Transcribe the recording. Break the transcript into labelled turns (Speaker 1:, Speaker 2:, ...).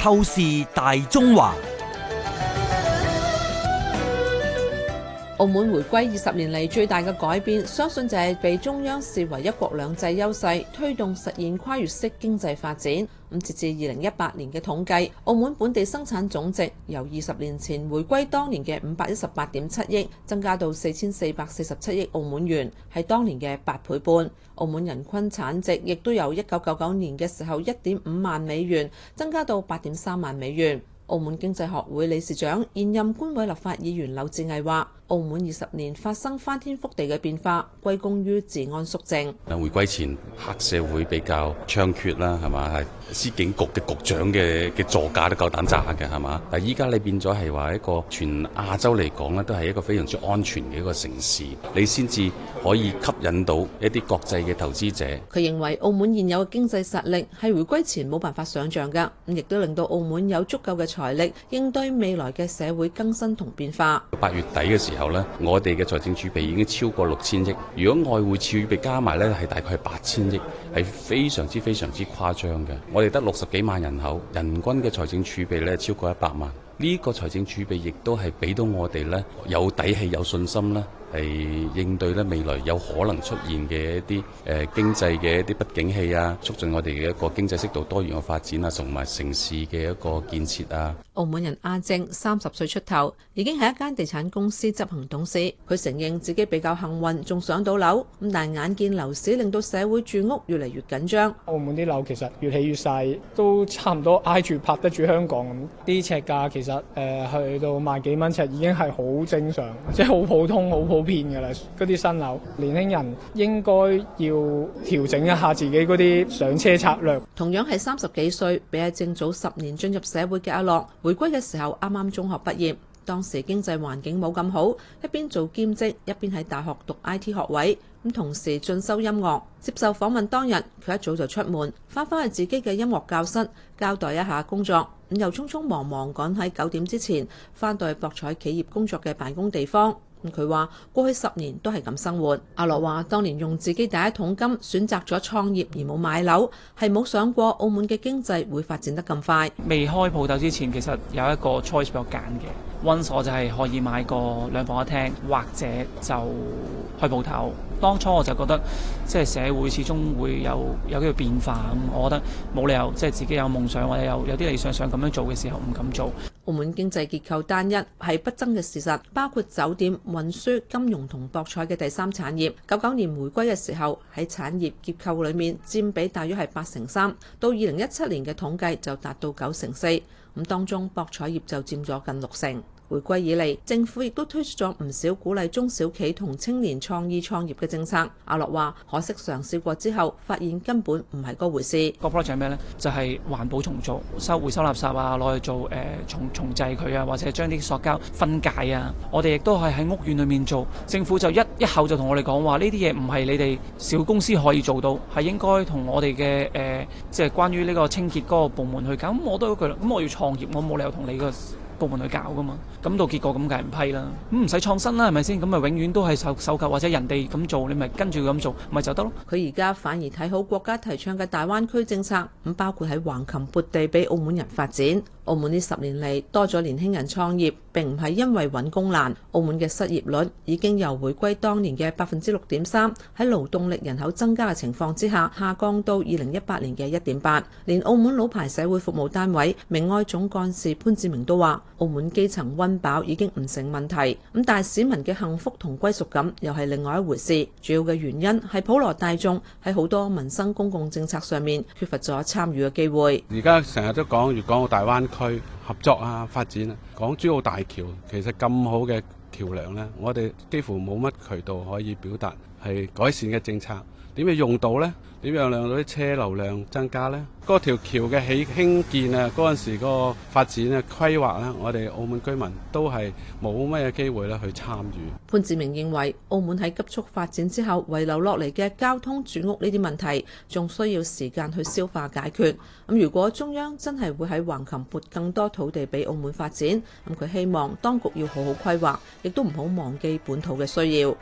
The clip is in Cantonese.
Speaker 1: 透視大中華。
Speaker 2: 澳門回歸二十年嚟最大嘅改變，相信就係被中央視為一國兩制優勢，推動實現跨越式經濟發展。咁截至二零一八年嘅統計，澳門本地生產總值由二十年前回歸當年嘅五百一十八點七億增加到四千四百四十七億澳門元，係當年嘅八倍半。澳門人均產值亦都由一九九九年嘅時候一點五萬美元增加到八點三萬美元。澳門經濟學會理事長、現任官委立法議員柳智毅話。澳門二十年發生翻天覆地嘅變化，歸功於治安肅正
Speaker 1: 嗱，回歸前黑社會比較猖獗啦，係嘛？係司警局嘅局長嘅嘅座駕都夠膽炸嘅，係嘛？但依家你變咗係話一個全亞洲嚟講咧，都係一個非常之安全嘅一個城市，你先至可以吸引到一啲國際嘅投資者。
Speaker 2: 佢認為澳門現有嘅經濟實力係回歸前冇辦法想象嘅，咁亦都令到澳門有足夠嘅財力應對未來嘅社會更新同變化。
Speaker 1: 八月底嘅時候。後咧，我哋嘅財政儲備已經超過六千億，如果外匯儲備加埋咧，係大概八千億，係非常之非常之誇張嘅。我哋得六十幾萬人口，人均嘅財政儲備咧超過一百萬。呢個財政儲備亦都係俾到我哋呢，有底氣、有信心咧，係應對咧未來有可能出現嘅一啲誒經濟嘅一啲不景氣啊，促進我哋嘅一個經濟適度多元嘅發展啊，同埋城市嘅一個建設啊。
Speaker 2: 澳門人阿正三十歲出頭，已經喺一間地產公司執行董事。佢承認自己比較幸運，仲上到樓咁，但眼見樓市令到社會住屋越嚟越緊張。澳門啲樓其實越起越細，都差唔多挨住拍得住香港咁
Speaker 3: 啲尺價，其實。誒去到萬幾蚊尺已經係好正常，即係好普通、好普遍嘅啦。嗰啲新樓，年輕人應該要調整一下自己嗰啲上車策略。
Speaker 2: 同樣係三十幾歲，比阿正早十年進入社會嘅阿樂，回歸嘅時候啱啱中學畢業，當時經濟環境冇咁好，一邊做兼職，一邊喺大學讀 IT 學位。咁同時進修音樂，接受訪問當日，佢一早就出門，翻返去自己嘅音樂教室交代一下工作，咁又匆匆忙忙趕喺九點之前翻到去博彩企業工作嘅辦公地方。咁佢話過去十年都係咁生活。阿樂話當年用自己第一桶金選擇咗創業而冇買樓，係冇想過澳門嘅經濟會發展得咁快。
Speaker 3: 未開鋪頭之前，其實有一個 choice 俾我揀嘅。溫所就係可以買個兩房一廳，或者就開鋪頭。當初我就覺得，即係社會始終會有有啲個變化咁，我覺得冇理由即係自己有夢想或者有有啲理想想咁樣做嘅時候
Speaker 2: 唔敢做。澳門經濟結構單一係不爭嘅事實，包括酒店、運輸、金融同博彩嘅第三產業。九九年回歸嘅時候，喺產業結構裏面佔比大約係八成三，到二零一七年嘅統計就達到九成四，咁當中博彩業就佔咗近六成。回歸以嚟，政府亦都推出咗唔少鼓勵中小企同青年創意創業嘅政策。阿樂話：，可惜嘗試過之後，發現根本唔係嗰回事。個 project 係咩呢？就係、是、環保重做、收回收垃圾啊，攞去做
Speaker 3: 誒、呃、重重製佢啊，或者將啲塑膠分解啊。我哋亦都係喺屋苑裏面做。政府就一一口就同我哋講話：，呢啲嘢唔係你哋小公司可以做到，係應該同我哋嘅誒、即、呃、係、就是、關於呢個清潔嗰個部門去搞。咁我都有佢，咁我要創業，我冇理由同你個。部門去搞噶嘛，咁到結果咁梗係唔批啦，咁唔使創新啦，係咪先？咁咪永遠都係受受夠，或者人哋咁做，你咪跟住咁做，咪就得咯。
Speaker 2: 佢而家反而睇好國家提倡嘅大灣區政策，咁包括喺橫琴撥地俾澳門人發展。澳門呢十年嚟多咗年輕人創業，并唔係因為揾工難。澳門嘅失業率已經由回歸當年嘅百分之六點三，喺勞動力人口增加嘅情況之下，下降到二零一八年嘅一點八。連澳門老牌社會服務單位，明愛總幹事潘志明都話，澳門基層温飽已經唔成問題。咁但係市民嘅幸福同歸屬感又係另外一回事。主要嘅原因係普羅大眾喺好多民生公共政策上面缺乏咗參與嘅機會。
Speaker 1: 而家成日都講粵港澳大灣區。去合作啊，發展啊，港珠澳大橋其實咁好嘅橋樑咧，我哋幾乎冇乜渠道可以表達。係改善嘅政策，點樣用到呢？點樣令到啲車流量增加呢？嗰條橋嘅起興建啊，嗰陣時個發展嘅規劃呢，我哋澳門居民都係冇乜嘢機會咧去參與。
Speaker 2: 潘志明認為，澳門喺急速發展之後，遺留落嚟嘅交通住屋呢啲問題，仲需要時間去消化解決。咁如果中央真係會喺橫琴撥更多土地俾澳門發展，咁佢希望當局要好好規劃，亦都唔好忘記本土嘅需要。